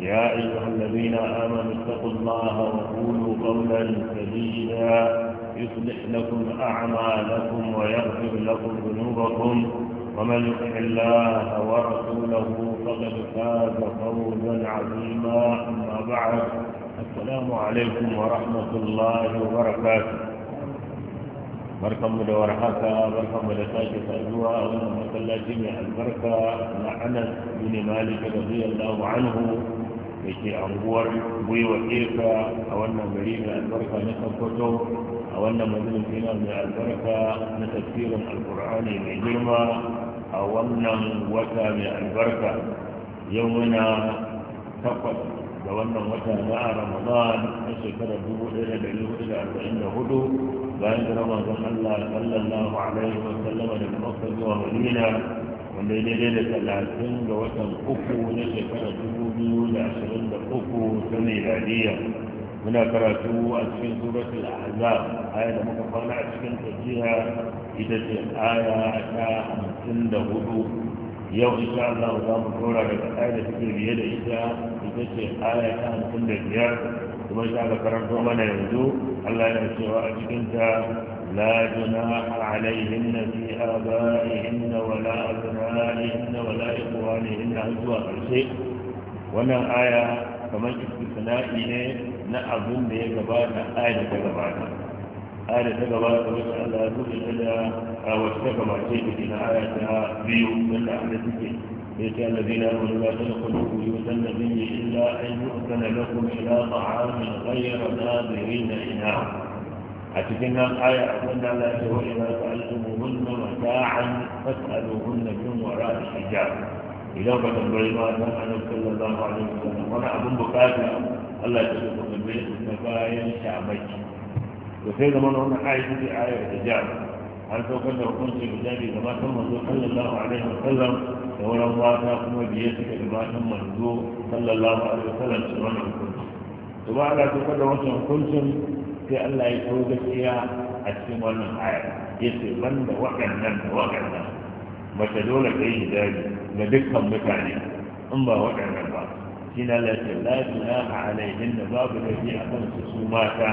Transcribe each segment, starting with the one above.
يا أيها الذين آمنوا اتقوا الله وقولوا قولا سديدا يصلح لكم أعمالكم ويغفر لكم ذنوبكم ومن يطع الله ورسوله فقد فاز فوزا عظيما أما بعد السلام عليكم ورحمة الله وبركاته barkanmu da warhaka barkanmu da ونمت الله جميع البركة masallaci بن مالك رضي الله عنه da ke anguwar gwiwa eka a wannan gari mai albarka na sokoto a wannan majalisi mai albarka na tafsirin alkur'ani mai girma a wannan wata mai albarka yau muna takwas da wannan wata na ramadan na shekarar 1444 bayan da ramadan allah sallallahu alaihi wa sallama daga makka zuwa madina wanda daidai da talatin ga watan uku na shekarar الحدود عشر الدقوق سنه الهدية هناك راتو أتشين سورة الأحزاب آية مكفانة أتشين تجيها إذا تحايا أتا أمسن دهدو يو إن شاء الله وضام الكورا لك آية تكر بيد إتا إذا تحايا أتا أمسن دهدو ثم إن شاء الله كرمتو من يهدو الله يحسوا أتشين تا لا جناح عليهن في آبائهن ولا أبنائهن ولا إخوانهن أجوا كل شيء wannan aya kamar istisna'i ne na abin da ya gabata aya da ta gabata aya da ta gabata wacce Allah ya ta da a wacce ta gabace da cikin aya ta biyu wanda an da suke ليس الذين آمنوا لا تدخلوا بيوت النبي إلا أن يؤذن لكم إلى طعام غير ناظرين إناه أتكلم آية أقول الله وإذا سألتموهن na فاسألوهن من وراء الحجاب idan ba tambayi ba dan annabi sallallahu alaihi wasallam wani abin bukata Allah ya tafi kuma da bayan shamaki to sai zaman wannan ayatu da ayar da ja an saukar da hukunci hijabi ga matan manzo sallallahu alaihi wasallam da wurin wata kuma biye suke da matan manzo sallallahu alaihi wasallam su wannan hukunci to ba Allah saukar da wancan hukuncin sai Allah ya kawo gaskiya a cikin wannan ayar yace banda waɗannan da waɗannan mace dole ka yi hijabi ga dukkan mutane in ba waɗannan ba shi na lafiya la junaha alaihin da babu laifi a kan su su mata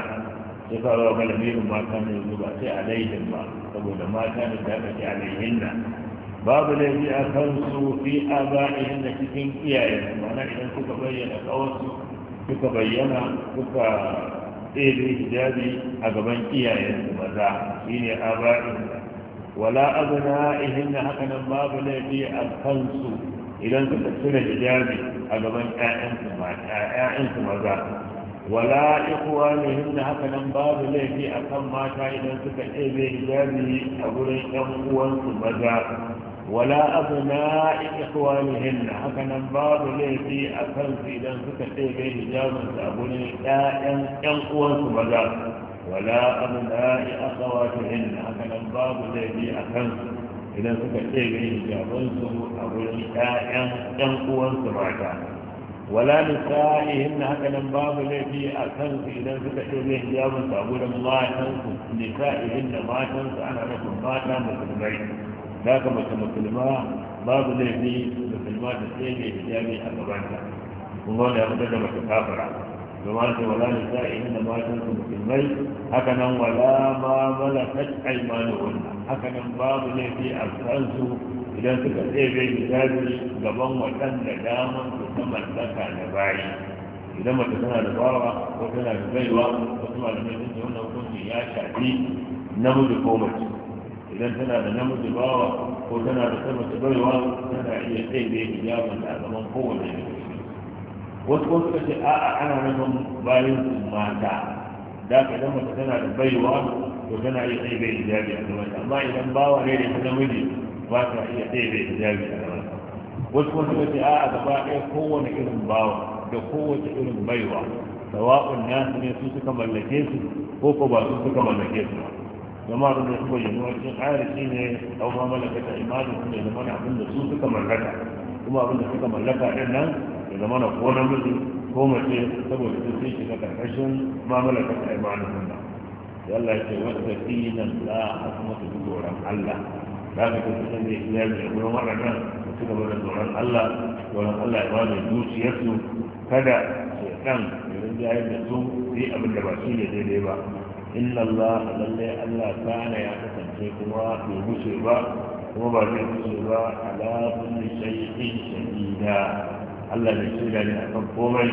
su sa ba malamirin mata ne yanzu ba sai alaihin ba saboda mata ne da aka ce alaihin na babu laifi a kan su fi abaihin da cikin iyayen mana idan kuka bayyana kawarsu kuka bayyana kuka tsere hijabi a gaban iyayen maza shine abaihin wala abna'ihim na haka nan babu laifi a kansu idan suka cire hijabi a gaban ƴaƴansu maza wala ikhwanihim na haka nan babu laifi a kan mata idan suka ɗebe hijabi a gurin ƴan uwansu maza wala abna'i ikhwanihin haka nan babu laifi a kansu idan suka ɗebe hijabinsu a gurin ƴaƴan ƴan uwansu maza ولا أبناء أخواتهن هكذا الباب الذي أخذ إذا سكت إليه جابنسوا أو النساء ينقوا سمعتا ولا نسائهن هكذا الباب الذي أخذ إذا سكت إليه جابنسوا أقول الله تنسوا نسائهن ما تنسوا أنا لكم ما تنسوا مسلمين ذاك مسلمة باب الذي مسلمات السيدة حجابي أخواتها والله يقدر ما تكافر عنه kamar da wala ne za a da matan su musulmai haka nan wala ma mala ma aimanu wannan haka nan babu laifi a kansu idan suka tsebe hijabi gaban waɗanda daman su ta mallaka da bayi idan mace tana da bawa ko tana da baiwa wasu malamai sun ce wannan hukunci ya shafi namiji ko mace idan tana da namiji bawa ko tana da ta mace baiwa tana iya tsebe hijabin da a gaban kowane wasu wasu ka ce a'a ana neman bayan su mata da ka idan mace tana da baiwa to tana iya bai hijabi a gaban amma idan bawa ne da ta namiji ba ta iya bai hijabi a gaban wasu wasu ka ce a gaba ɗaya kowane irin bawa da kowace irin baiwa sawa'un nasu ne su suka mallake su ko ko ba su suka mallake su ba zama da su bayyana wajen ayar shi ne ɗauka ma mallaka ta imanin su ne zama abin da su suka mallaka kuma abin da suka mallaka ɗin nan ya zama na ko namiji ko mace saboda su sai shiga karkashin mamala ta kaimanin Allah yalla ce wata dinan la a kuma su ji tsoron Allah za ka kusa san zai iya da mara waɗannan su ci gaba da tsoron Allah tsoron Allah ya bada zuciyarsu kada shaitan ya rinja yadda su yi abin da ba shi ne daidai ba inna Allah lallai Allah kana ya kasance kuma bai wuce ba kuma ba zai wuce ba ala kulli shay'in shadida Allah bai shirya ne kan komai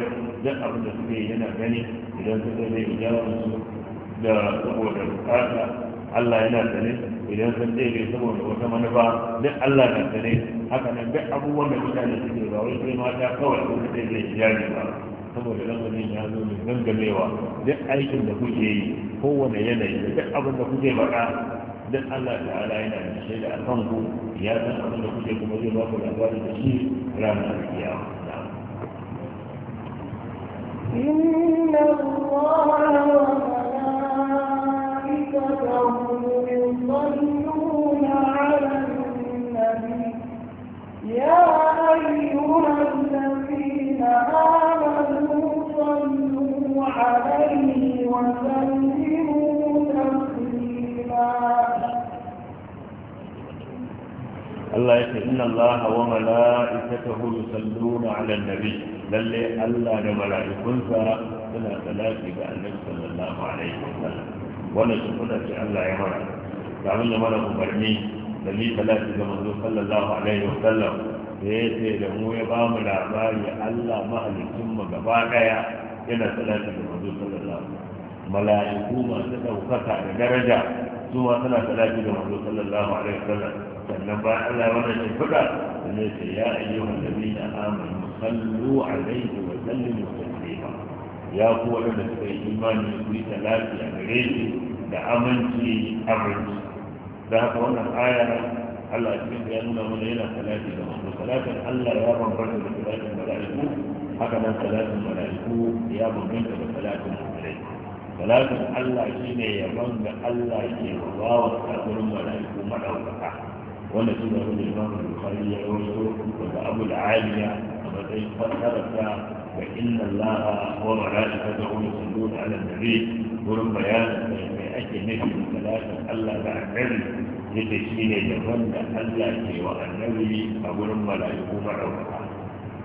duk abin da suke yana gani idan suka zai ijawar su da saboda bukata Allah yana sane idan sun ce bai saboda wata manufa duk Allah na sane haka nan duk abubuwan da mutane suke ba wai sai mata kawai abin da zai ijawar ba saboda lamarin ya zo ne gangamewa duk aikin da kuke yi kowane yanayi duk abin da kuke faɗa duk Allah ta'ala yana da shaida a kanku ya san abin da kuke kuma zai ba ku labari da shi ranar kiyama إن الله وملائكته يصلون على النبي يا أيها الذين آمنوا صلوا عليه وسلموا تسليما الله يقول إن الله وملائكته يصلون على النبي lalle Allah da mala'ikunsa suna salati ga annabi sallallahu alaihi wasallam wannan su kuna ce Allah ya mara, da abin da mana umarni da ni salati ga manzo sallallahu alaihi wasallam da ya ce da mu ya ba mu labari Allah mahalicin mu gaba daya yana salati ga manzo sallallahu alaihi wasallam mala'iku masu ɗaukaka da daraja su ma suna salati ga manzo sallallahu alaihi wasallam sannan ba Allah wannan shi kuɗa da ne ce ya ayyuhan ladina amanu sallu alaihi wa sallimu taslima ya ku wanda suka yi imani ku yi salati a gare shi da aminci aminci da haka wannan aya Allah cikin ya nuna mana yana salati da manzo salatin Allah ya bambanta da salatin mala'iku haka nan salatin mala'iku ya bambanta da salatin mala'iku salatin Allah shine yabon da Allah ke wa bawa kafirin ولكن من الإمام البخاري يقول أبو العالية وبعدين قد ترك فإن الله وملائكته يصلون على النبي ولم بيان من أجل نبي الثلاثة ألا تعتذر لتشكيل جهنم ألا لا شيء وأن النبي ولم لا يقوم عرفا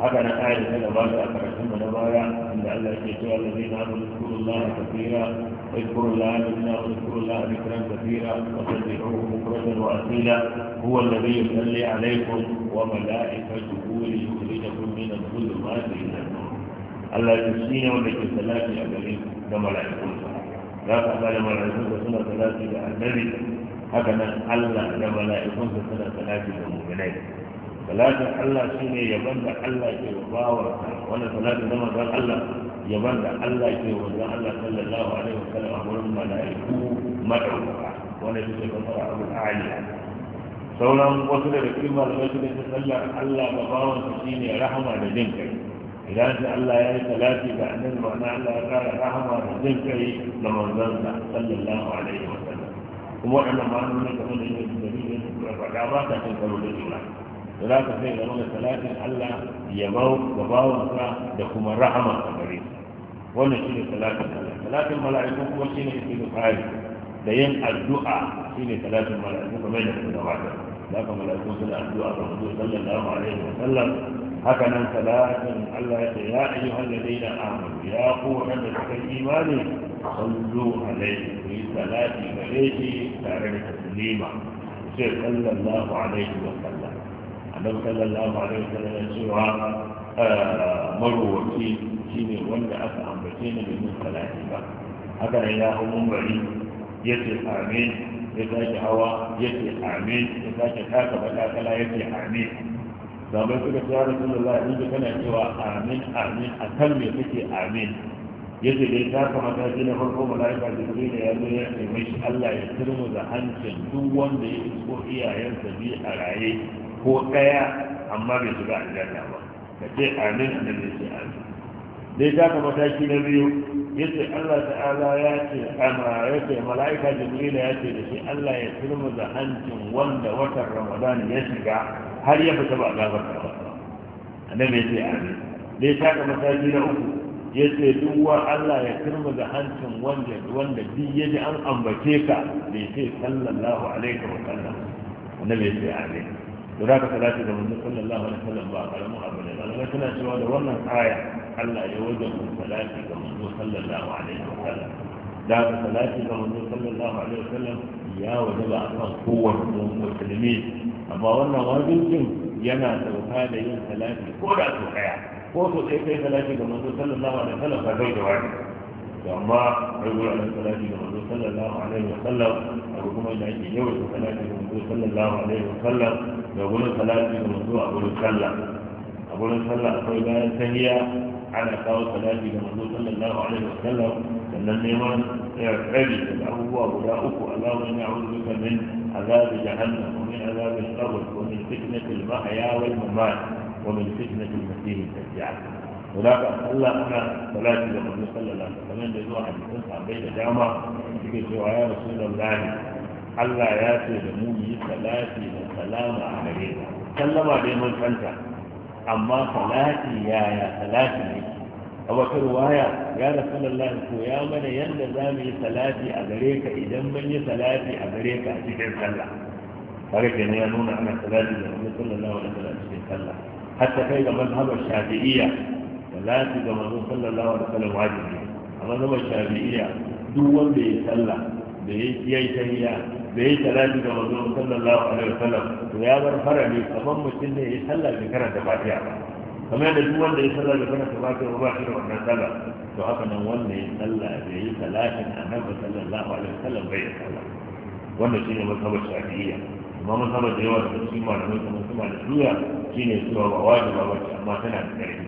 هذا نتائج هذا بعد أن أن الله يقول الذين آمنوا اذكروا الله كثيرا اذكروا الله منا واذكروا الله ذكرا كثيرا وسبحوه بكرة وأصيلا هو الذي يصلي عليكم وملائكته ليخرجكم من الظلمات إلى النور الا يسين وليس الثلاثة أبدين كما لا يكون لا تقبل ملائكته سنة ثلاثة النبي هكذا الا لما لا يكون سنة ثلاثة المؤمنين ثلاثة الله سنة يبنى الله ورسوله ولا ثلاثة لما قال الله yaban da Allah ke wa Allah sallallahu alaihi wasallam a wurin mala'iku madauka wanda yake fasara abu aliya sauran wasu daga cikin malamai su ne ta sallar Allah ba bawan su shine rahama da jin kai idan sai Allah ya yi salati ga annabi ma'ana Allah ya kara rahama da jin kai ga manzon sa sallallahu alaihi wasallam kuma wannan ma'anonin kamar da yake da dalilin da faɗa ba ta kan karo da juna da za ka sai zama da salatin Allah ya bau da bawansa da kuma rahama a gare su wannan shine salatin Allah salatin mala'iku kuma shine istighfari da yin addu'a shine salatin mala'iku kamar da kuma wata da kuma mala'iku suna addu'a ga Muhammad sallallahu alaihi wa sallam haka nan salatin Allah ya ce ya ayyuhal ladina amanu ya ku wanda suka imani sallu alaihi ku yi salati gare shi tare da taslima sai sallallahu alaihi wa sallam annabi sallallahu alaihi wa sallam ya ce wa eh, marwaci shi ne wanda aka ambace ni domin salati ba haka nan ya hau mumbari ya ce amin ya sake hawa ya ce amin ya sake taka matakala ya ce amin zaɓar suka ce ya rasulullah in ji kana cewa amin amin a kan me kake amin ya ce dai ta mataki na farko mala'ika da ya zo ya ce shi allah ya da hancin duk wanda ya isko iyayensa biyu a raye ko ɗaya amma bai shiga aljanna ba ka ce amin annabi ya ce amin da taka mataki na biyu ya ce allah ta'ala ya ce ama ya ce mala'ika jibrila ya ce da shi allah ya turmu da hancin wanda watan ramadan ya shiga har ya fita ba a gafarta ba annabi ya ce amin da ya taka mataki na uku ya ce duk wa allah ya turmu da hancin wanda wanda duk ya ji an ambace ka da ya ce sallallahu alaihi wa sallam annabi ya ce amin da za ka salati da manzo sallallahu alaihi wa sallam ba a karamin abu ne ba suna cewa da wannan aya Allah ya wajen salati ga manzo sallallahu alaihi wa sallam da ka salati ga manzo sallallahu alaihi wa sallam ya wajaba a kan kowanne musulmi amma wannan wajibin yana sauka da yin salati ko da su kaya ko su kai kai salati ga manzo sallallahu alaihi wa sallam ba zai da wani to amma ragowar da salati ga manzo sallallahu alaihi wa sallam abu kuma da ake da salati ga manzo sallallahu alaihi wa sallam da gurin salati ga manzo a gurin sallah a gurin sallah akwai bayan tahiya على قول ثلاثه محمود صلى الله عليه وسلم ان النيران اعتدت له واولئك اللهم اعوذ بك من عذاب جهنم ومن عذاب القبر ومن فتنه المحيا والممات ومن فتنه المسيح الدجال هناك صلى انا ثلاثه محمود صلى الله عليه وسلم من يزور حديثين بيت جامع يقول له يا رسول الله الله ياتي بموجي ثلاثه وسلام عليك سلم عليهم الفنجان amma salati yaya salati ne a wata ruwaya ya da rasulullah ko ya mana yadda za mu yi salati a gare ka idan mun yi salati a gare ka a cikin sallah kaga kenan ya nuna ana salati da Annabi sallallahu alaihi wasallam cikin sallah hatta kai ga mazhabar shafi'iyya salati ga manzon sallallahu alaihi wasallam wajibi a mazhabar shafi'iyya duk wanda ya sallah da ya yi tahiyya da yi talati ga manzo sallallahu alaihi wasallam to ya bar farali kaman mutum ne ya yi sallah da karanta fatiha kamar da duk wanda ya sallah da karanta fatiha ba shi da wannan sallah to haka nan wanda ya sallah da ya yi talatin annabi sallallahu alaihi wasallam bai ya sallah wannan shine mazhabar shafi'iyya amma mazhabar da yawa da cikin malamai kamar su malikiya shine cewa ba wajiba ba ce amma tana da ƙarfi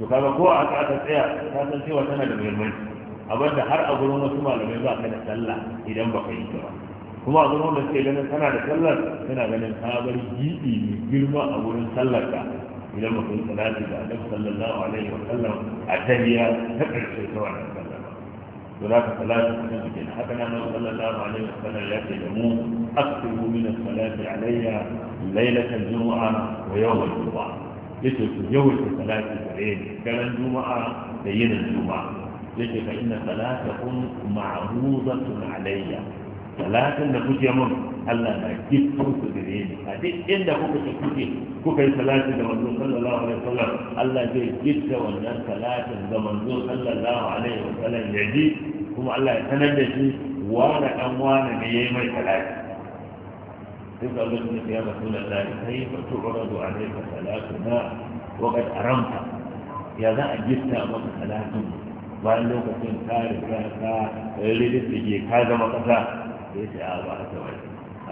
to kaga ko a ka aka tsaya ta san cewa tana da muhimmanci abinda har a gurin wasu malamai ba ka da sallah idan ba ka yi ta ba kuma abin wanda suke ganin kana da sallar kana ganin ka bar gidi mai girma a wurin sallar ka idan mutum salati da annabi sallallahu alaihi wa sallam a tabiya ta karshe ta wannan sallar to da ka salati ta cikin haka nan annabi sallallahu alaihi wa sallam ya ce da mu aktibu min salati alayya lailatan jumu'a wa yawm al-jumu'a yace ku yawaita salati gare ni garan juma'a da yinin juma'a yake fa inna salatakum ma'ruzatun alayya salatin da kuke mun Allah na gifin ku gare ni a duk inda kuka ce kuke kuka yi salatin da manzo sallallahu alaihi wasallam Allah zai gifta wannan salatin da manzo sallallahu alaihi wasallam ya ji kuma Allah ya sanar da shi wani dan wani ne yayi mai salati duk da lokacin da ya rasulullahi sai fa tu'radu alayka salatuna wa qad aramta ya za a gifta maka salatin bayan lokacin ka riga ka ke, ka zama kasa da ya ce a ba haka ba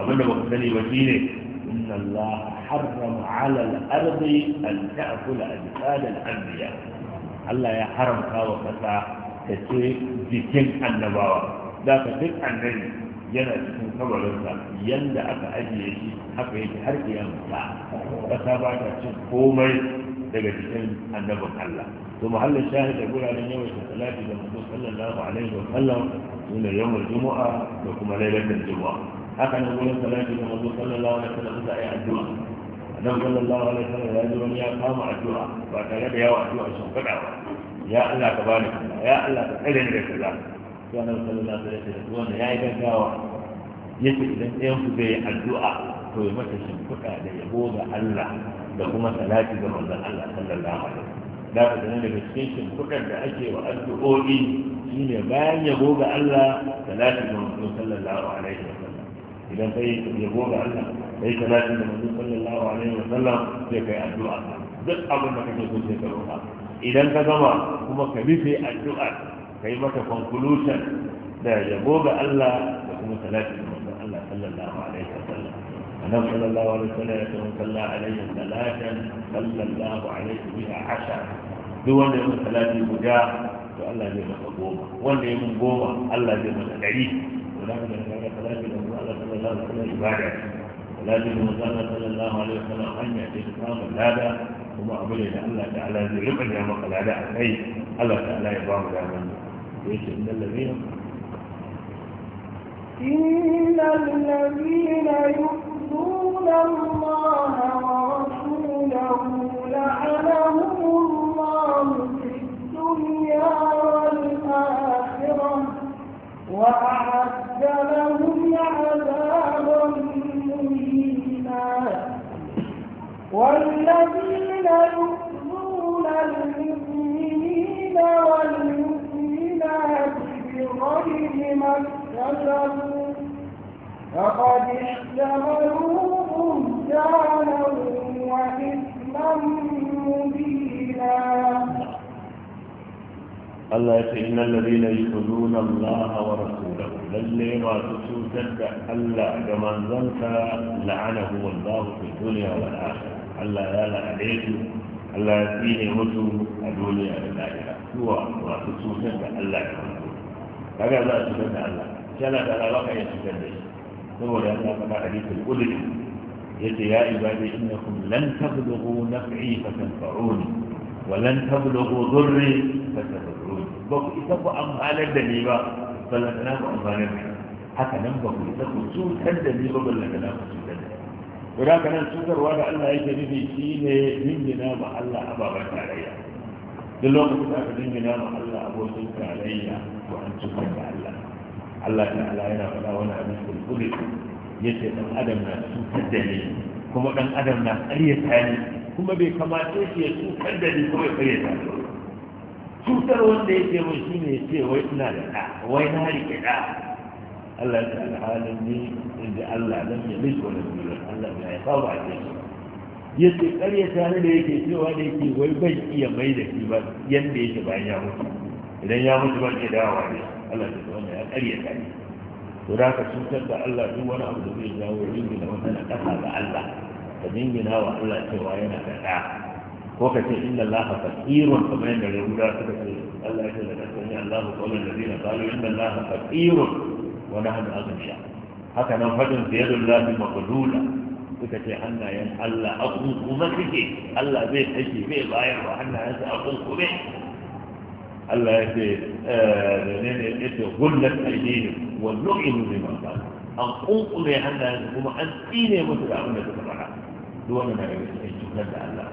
abinda ba ku sani ba shine inna Allah harrama ala al-ardi an ta'kula ajsad al-anbiya Allah ya haramta wa kasa ta ce jikin annabawa da ka duk annabi yana cikin kabarinsa yanda aka ajiye shi haka yake har kiyama ta kasa ba ta cin komai daga cikin annabin Allah to muhallin shahid da guraren yawan salati da mutum sallallahu alaihi wa sallam nuna yawan juma'a da kuma lailatul juma'a haka nan gurin salati da manzo sallallahu alaihi wasallam sai yi addu'a annan sallallahu alaihi wasallam ya ji wani ya kama addu'a ba tare da yawa addu'a sun fada ba ya Allah ka bani kaza ya Allah ka tsare ni da kaza to annan sallallahu alaihi wasallam wanda yi gaggawa yace idan ɗayan ku yi addu'a to ya mata shimfiɗa da yabo ga Allah da kuma salati ga manzon Allah sallallahu alaihi wasallam da ka zane daga cikin shimfiɗar da ake wa addu'o'i shi ne bayan yabo ga Allah talatin da mutum sallallahu alaihi wa sallam idan kai yabo ga Allah kai talatin da mutum sallallahu alaihi wa sallam sai kai addu'a duk abin da kake so sai ka roƙa idan ka gama kuma ka rufe addu'a kai mata conclusion da yabo ga Allah da kuma talatin da النبي صلى الله عليه وسلم يقول صلى عليه ثلاثا صلى الله عليه بها عشرة دون يوم ثلاثة مجاة فالله زي ما قوما ولا يوم قوما الله زي ما تعيش ولكن من ثلاثة من الله صلى الله عليه وسلم يبادع ولكن من الله صلى الله عليه وسلم أن يأتي الإسلام هذا وما أقول إلى الله تعالى زي ربع يا مقل هذا أي الله تعالى يبارك على ليش إن الذين إن الذين يؤمنون يحبون الله ورسوله لعنهم الله في الدنيا والآخرة وأعد لهم عذابا مهينا والذين يؤذون المؤمنين والمؤمنات بغير ما اكتسبوا اشتغلوا بهتانا وإثما الله يقول الذين يؤذون الله ورسوله للي ما تسوتك ألا كمن ذنك لعنهم الله في الدنيا والآخرة ألا يال لعنيه ألا يأتيه مسلم الدنيا والآخرة هو ما تسوتك ألا كمن ذنك هكذا تسوتك ألا كانت على رقع يسوتك saboda yana faɗa hadithul qudsi yace ya ibadi innakum lan tablughu naf'i fa tanfa'uni wa lan tablughu dhurri fa tadurruni ba ku isa ku amfanar da ni ba ballantana ku amfanar da haka nan ba ku isa ku cutar da ni ba ballantana ku cutar da ni to da haka nan cutarwa da Allah yake nufi shine dingina ba Allah ababen tarayya duk lokacin da aka dingina ma Allah abokin tarayya to an cutar da Allah Allah ta'ala yana faɗa wani abin kulkuli ya ce ɗan adam na cutar da ni kuma ɗan adam na ƙaryata ni kuma bai kamata shi ya cutar da ni kuma ya ƙaryata ni cutar wanda ya ce mai shine ya ce wai ina da ɗa wai na riƙe ɗa Allah ta alhalin ni inda Allah lam ya lishi wani biyu Allah ya yi ba a ce ya ce ƙaryata ni da yake cewa da yake wai ban iya mai da shi ba yadda yake bayan ya mutu idan ya mutu ban ke dawowa ne Allah da wannan ya karya ta ne to da ka cutar da Allah duk wani abu da zai jawo ringina wannan ƙasa ga Allah ka dingina wa Allah cewa yana da ɗa ko ka ce inna Allah faqirun kamar yadda Yahuda suka ce Allah ya ce da sani Allah ko wannan da zai qalu inna Allah wani hannu nahnu aghniya haka nan fadin ziyadullahi maqlula suka ce hannayen Allah a kuma suke Allah zai kashe zai bayarwa hannayensa a kuma Allah ya ce da ne ne ya ce gullat aidihim wa nu'inu bima qalu an kunkure hannayen kuma an tsine musu da abin da suka faɗa duk na daga cikin cutar da Allah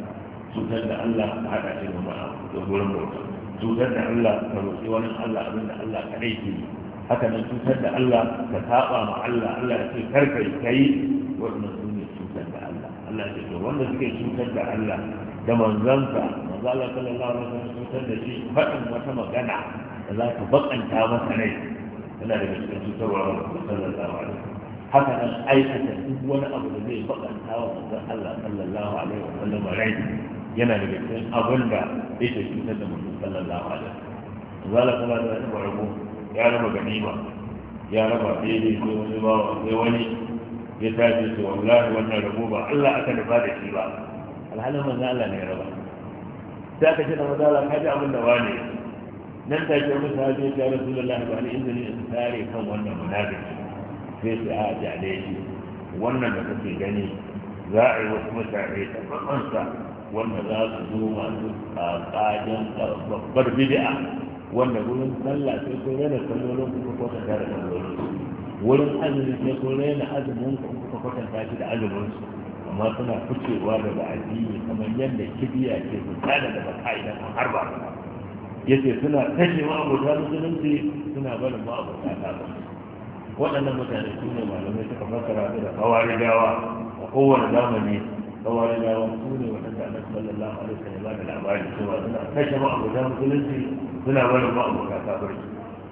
cutar da Allah a haɗa shi da ma'a da gurin bauta cutar da Allah ka roƙi wani Allah abin da Allah kaɗai ke yi haka nan cutar da Allah ka saba ma Allah Allah ya ce karka yi kai wannan su ne cutar da Allah Allah ya ce to wanda suke cutar da Allah da manzansa manzo Allah sallallahu alaihi wasallam cutar da shi faɗin wata magana da za ta bakanta masa rai yana da cikin cutarwa da sallallahu alaihi haka nan aikata duk wani abu da zai bakanta wa manzon Allah sallallahu alaihi wa sallam rai yana da cikin abin da yake cutar da mutum sallallahu alaihi wa sallam kuma da wata barko ya raba ganima ya raba daidai sai wani ba sai wani ya tashi ce wallahi wannan rabo ba Allah aka nufa da shi ba alhalin manzon Allah ne ya raba sai aka ce da mazala ka ji abin da wane nan ta ke wani sahabi ya rasu da lahi ba ni izini in tare kan wannan munafiki sai su a jale shi wannan da kake gani za a yi wasu mutane tabbatansa wanda za su zo masu ƙaƙajen babbar bid'a wanda wurin sallah sai kun rena kuma ku kwatanta da sallolin wurin azumi sai kun rena azumin ku kwatanta shi da azumin su amma suna fitowa daga addini kamar yadda kibiya ke fita daga baka idan an harba ya ce suna kashe abota musulunci suna barin abota ta ba waɗannan mutane su ne malamai suka fassara su da dawa a kowane zamani dawa su ne waɗanda ana sallallahu alaihi wasallam ba da labarin cewa suna kashe abota musulunci suna barin abota ta ba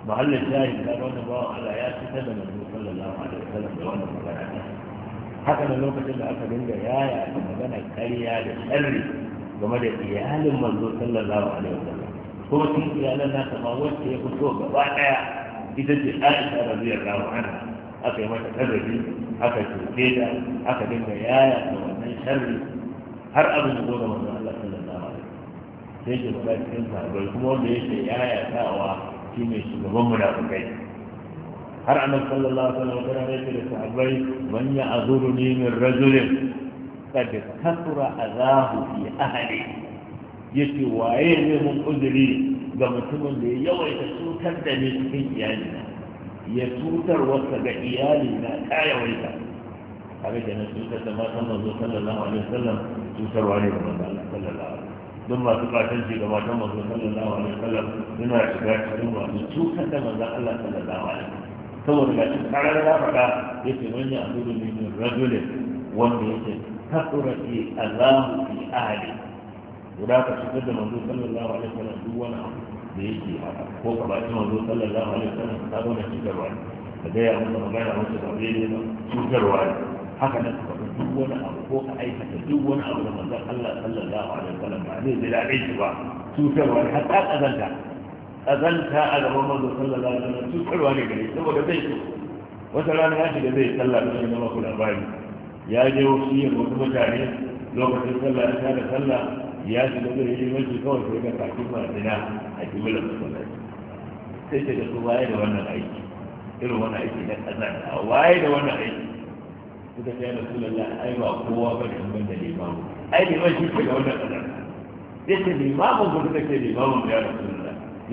mahallin shahid da wannan bawa Allah ya fitar da manzo sallallahu alaihi wasallam da wannan haka da lokacin da aka dinga yaya aka magana kariya da sharri game da iyalin manzo sallallahu alaihi wasallam kuma cikin iyalan na ma wacce ya fito gaba daya ita ce Aisha radiyallahu anha aka yi mata tarbi aka tuke ta aka dinga yaya da wannan sharri har abin da zo ga manzo Allah sallallahu alaihi wasallam sai ke magana cikin sahabbai kuma wanda yake yaya tawa shine shugaban munafikai har annabi sallallahu alaihi wasallam ya ce da sahabbai man ya'zuruni min rajulin kad kasura azahu fi ahli yace waye ne mun uzuri ga mutumin da ya yawaita cutar da ni cikin iyalina ya cutar wasa ga iyali na ta yawaita kaga da na cutar da matan manzo sallallahu alaihi wasallam cutarwa ne ga manzo sallallahu alaihi don masu fatan shi gaba matan masu sallallahu alaihi wasallam suna shiga cikin masu cutar da manzo Allah sallallahu alaihi wasallam saboda ga da karar da faɗa ya ce wani a kudu min rajulin wanda ya ce kasura fi allahu fi ahli guda ka shigar da manzo sallallahu alaihi wasallam duk wani abu da yake haka ko ka baki manzo sallallahu alaihi wasallam ka zo na shigarwa ne ka gaya masa magana masa ba daidai ba shigarwa ne haka nan ka faɗi duk wani abu ko ka aikata duk wani abu da manzon Allah sallallahu alaihi wasallam ba zai ji daɗin shi ba cutarwa ne har ta kazanta. ƙazanta a gaban mazo sallallahu alaihi wasallam cutarwa ne gare saboda zai so wata rana ya shiga zai sallah da shi zama kula bari ya je wasu yin wasu mutane lokacin sallah ya tada sallah ya shiga zai yi mace kawai sai ga kafin masina a kibila masallaci sai ce da su waye da wannan aiki irin wannan aiki na ƙazanta waye da wannan aiki suka ce da su lalla ai ba kowa ba da ban da limamu ai liman shi ke da wannan ƙazanta zai ce limamun ba suka ce limamun ya rasu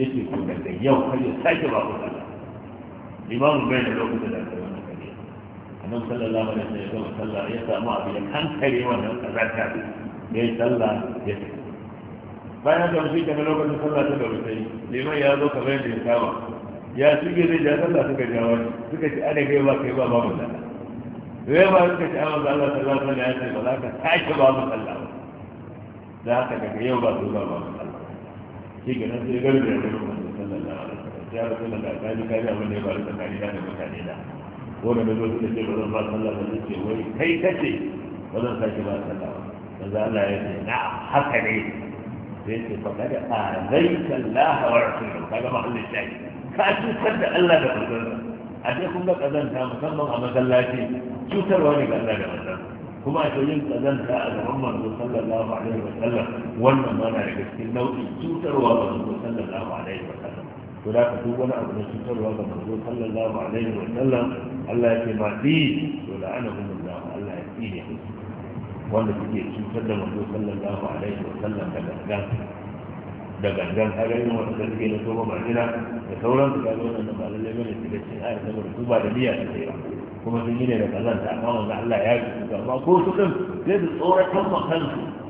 yake ko daga yau har ya sake ba ku sallah imamu bai da lokuta da aka wannan kare annabi sallallahu alaihi wasallam ya gama sallah ya samu abin da kan kare wannan kazanta ya sallah ya tafi bayan da shi daga lokacin sallah ta gaba sai liman ya zo kamar yadda ya kama ya shige zai ja sallah suka jawo suka ci ana kai ba kai ba ba mu sallah zai ba suka ci awon Allah sallallahu alaihi wasallam ya ce ba za ka sake ba mu sallah ba za ka daga yau ba su ba ba mu shi ke nan sai garbi ya zama masu sallallahu alaihi wasallam ya rasu da kani kani abin da ya faru tsakani na da mutane da wanda na zo su da ce ba zan ba sallah ba zai ce wai kai kace ba zan sake ba sallah ba za Allah ya ce na haka ne sai ce fa kada azaita Allah wa rasulahu kaga mahallin ce. ka cutar da Allah da manzon a sai kun ga kazanta musamman a masallaci cutarwa ne ga Allah da manzon kuma ta yin kazanta a gaban manzo sallallahu alaihi wa sallam wannan ma na daga cikin nau'in cutarwa ga manzo sallallahu alaihi wa sallam to da ka duk wani abu na cutarwa ga manzo sallallahu alaihi wa sallam Allah ya ce ma di to la'anahumullahu Allah ya tsine musu wanda kuke cutar da manzo sallallahu alaihi wa sallam da gangan da gangan har yin wata suke na tsohon majina da sauran su ga wannan da ba lallai bane su ga cin ayar saboda ba da niyya su sai ba وما في جنة مثلا تعبان على عيادك وقال ما كل سكن كيف الصورة كم خلص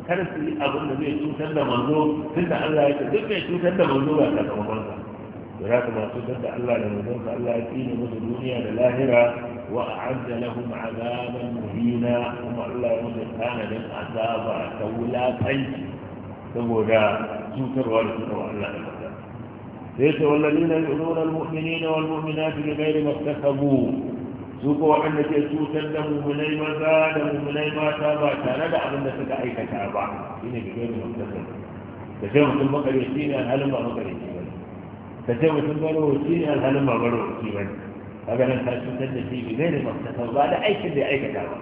خلص في أقول النبي يسوع تند منزوع تند على عيادك كيف يسوع تند منزوع على كذا مثلا ولكن ما يسوع سنة على عيادك على عيادك مثل الدنيا للآخرة وأعد لهم عذابا مهينا وما إلا يمد كان من عذاب تولى تنج ثم جاء سوتر والسوتر والله ليس والذين يؤذون المؤمنين والمؤمنات بغير ما اكتسبوا su ko waɗanda ke cutar da mummunai maza da mummunai mata ba tare da abin da suka aikata ba shi ne da gani mutum da ce mutum makareci ne alhalin ba makareci ba da ce mutum barowaci ne alhalin ba barowaci ba kaga nan ta cutar da shi ne ne mutum ba da aikin da ya aikata ba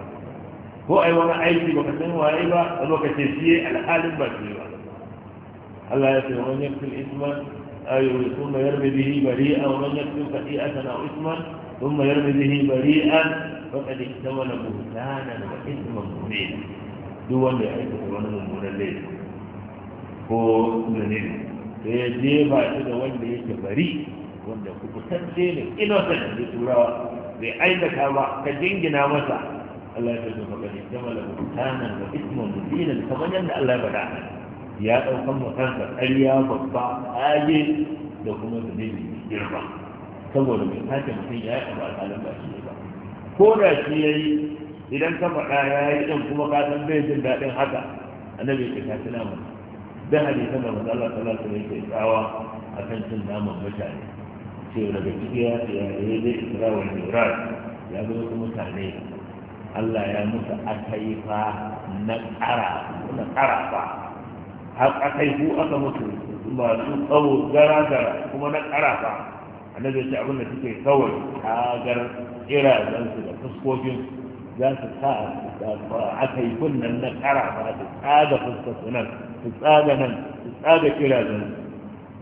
ko ai wani aiki baka san waye ba a lokacin shi alhalin ba shi ba Allah ya ce wani yaktul isman ayu yusuma yarmi bihi bari'a wa man yaktul khati'atan aw isman ثم يرمي به بريئا فقد احتمل بهتانا واثما مبينا duk wanda ya aikata wani mummunan laifi ko zunubi da ya jefa shi da wanda yake bari wanda kubutacce ne innocent da turawa bai aikata ba ka jingina masa Allah ya tafi maka ne da mutanen da isman mutinan kamar yadda Allah ya faɗa ya ɗaukan makansa ƙarya babba aje da kuma zunubi girma saboda mai sake mutum ya yi abu alhalin ba shi ba ko da shi ya yi idan ka faɗa ya yi ɗin kuma ka san bai jin daɗin haka annabi ya ta ci naman da hadisan da manzo Allah sallallahu alaihi wasallam ya tsawa akan cin naman mutane ce daga ciki ya ya yi isra wa mi'raj ya ga kuma mutane Allah ya musu akaifa na ƙara na ƙara ba har akaifu aka mutu masu tsawo gara gara kuma na ƙara ba annabi ya abin da suke kawai kagar irazansu da fuskokin za su sa aka yi kunnan na kara ba su tsaga fuskarsu nan su tsaga nan su tsaga irazansu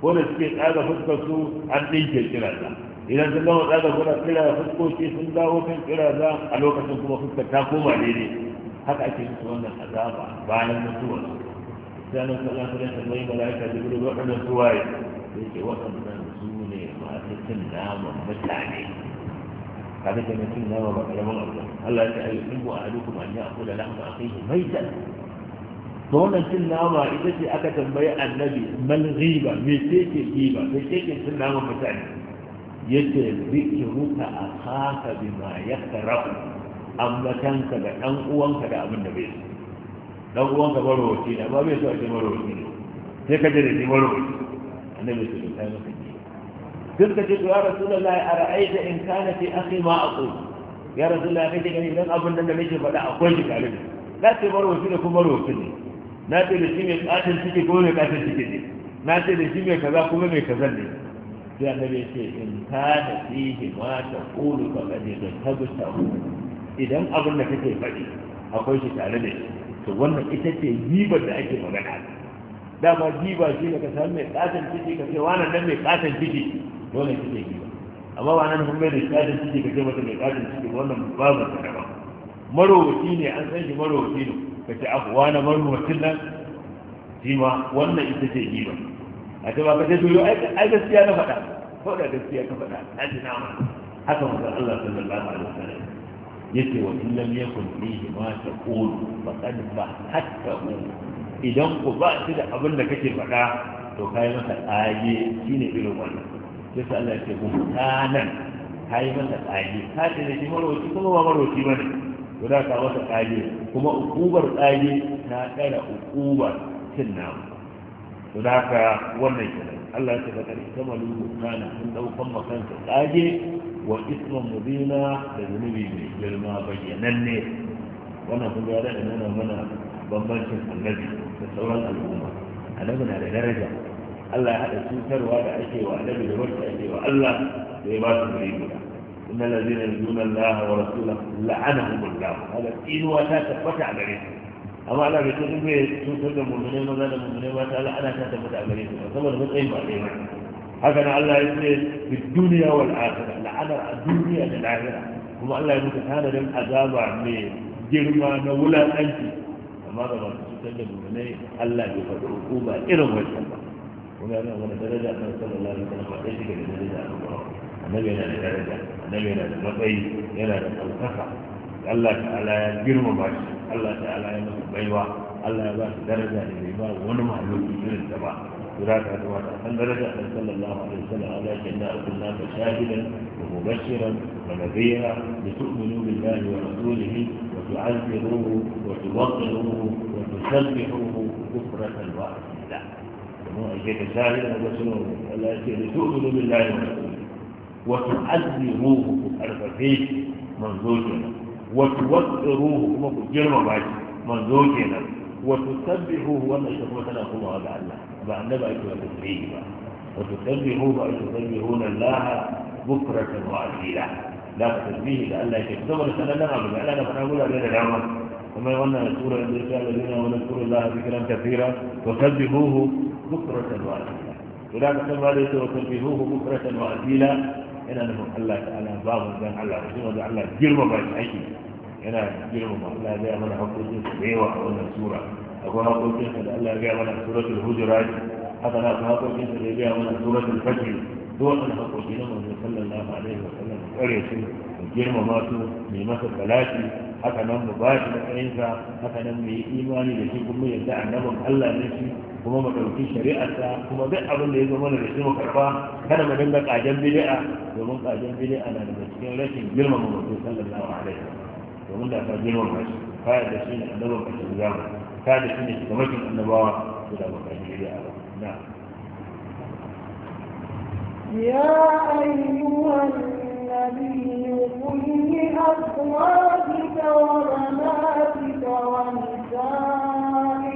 ko da suke tsaga fuskarsu an ɗinke kiraza idan sun gama tsaga kuna kira fuskoki sun dawo kan kiraza a lokacin kuma fuskar ta koma daidai haka ake musu wannan azaba bayan mutuwa sanin sallallahu alaihi wasallam mala'ika jibril waɗannan suwaye yake waɗannan سنة ومستعني قال كما سنة ومعلم الله الله أنت أيحب أهلكم أن يأكل لحم أخيه ميتا فهنا سنة وما إذا أكت البيع النبي ما الغيبة ميتيك الغيبة ميتيك سنة ومستعني يتذكرك أخاك بما يكرع أما كانك بأن أوانك بأم النبي لو أوانك بروتين أما بيسوا أجي بروتين هكذا يجي بروتين النبي سبحانه وتعالى suka ce ya rasulullahi ara'aita in kana fi akhi ma aqul ya rasulullahi kai gani dan abin da nake faɗa akwai shi tare na ce marwaci da kuma marwaci ne na ce da shi mai katin ciki kuma mai katin ciki ne na ce da shi mai kaza kuma mai kaza ne sai annabi ya ce in kana fihi ma taqulu faqad yatabtahu idan abin da kake faɗi akwai shi tare da to wannan ita ce gibar da ake magana dama giba shi ne ka san mai katon ciki ka ce wannan nan mai katon ciki dole ki ce giba amma ba nan mun mai da kadin ciki ka ce mata mai kadin ciki wannan babu ta daban marowaci ne an san shi marowaci ne ka ce abu wani marowacin nan shi wannan ita ce giba a ce ba ka ce to yau ai gaskiya na faɗa ko da gaskiya ka faɗa na ji nama haka mutum Allah sallallahu alaihi wasallam yake wa in lam yakun fihi ma taqulu faqad bahattahu idan ku ba shi da abin da kake faɗa to kai masa aye shine irin wannan Yasa Allah ya ce buhtanan kai masa kaji ka ce da shi maroci kuma ba maroci bane to da ka masa kaji kuma ukubar kaji na tsara ukubar cin na to da ka wannan kenan Allah ya ce da karshe ta malu buhtanan sun daukan makansa kaji wa isman mubina da zunubi mai girma ne. wannan kun ya da nuna mana bambancin annabi da sauran al'umma annabi na da daraja الله هذا السنسر وهذا أشيء وهذا بالرشة أشيء والله لباس مريم إن الذين يدون الله ورسوله لعنهم الله هذا إن وشاك فتع مريم أما أنا بيقول لك سنسر المؤمنين وزاد المؤمنين وشاك لعنى شاك فتع مريم وصبر بطعيم مريم هكذا الله يقول بالدنيا والآخرة لعنى الدنيا للآخرة وما الله يقول لك هذا من أزاب عمي جرما نولا أنت فماذا ما تسنسر المؤمنين الله يفضل عقوبة إرم وشاك kuma yana wani daraja na sallallahu alaihi wasallam ba shi da daraja annabi yana da daraja annabi yana da matsayi yana da ɗaukaka Allah ta'ala ya girmama shi Allah ta'ala ya masa baiwa Allah ya ba shi daraja da bai ba wani mahaluki irin ta ba kira ta zuwa ta san daraja da sallallahu alaihi wasallam Allah ya kenna Allah ta shahidan wa mubashiran wa nadhira li tu'minu billahi wa rasulihi wa tu'azziruhu wa tuwaqqiruhu wa tusabbihuhu kufratan wahida أشياء ساهلة التي تؤمن بالله ورسوله وتعذبوه من زوجنا وتوقروه كما بعيد من زوجنا وتسبحوه وانا شكوة الله بعد الله بعد نبأ تسبيح تسريه وتسبحوه وتسبحون الله بكرة وعزيلة لا تسبيح لألا يكتب لسنة لنا بما أنا فنقول علينا العمر وما يغنى نسكور الله ذكرا كثيرا وسبحوه bukratan wa asila to da kan ba da yake wa tarbihuhu bukratan wa asila yana nufin Allah ta'ala babu dan Allah shi wanda Allah girma ba shi aiki yana girma ba Allah ya mana hakokin da yawa a wannan sura akwai hakokin da Allah ya ga mana suratul hujurat haka na akwai hakokin da ya ga mana suratul fajr duk wannan hakokin ne sallallahu alaihi wa sallam kare shi girmama su mai masa salati haka nan mu ba da matsayinsa haka nan yi imani da shi kuma yadda kuma mu ɗauki shari'arsa kuma duk abin da ya zama da shi mu kada mu dinga ƙajen bid'a domin ƙajen bid'a na daga cikin rashin girmama mutum sallallahu alaihi wasallam domin da ka girmama shi kaya da shi ne annabawan ƙarshen zama kaya da shi ne shugabacin annabawa su da ba ƙarshen bid'a ba na يا أيها النبي قل لأزواجك وبناتك ونسائك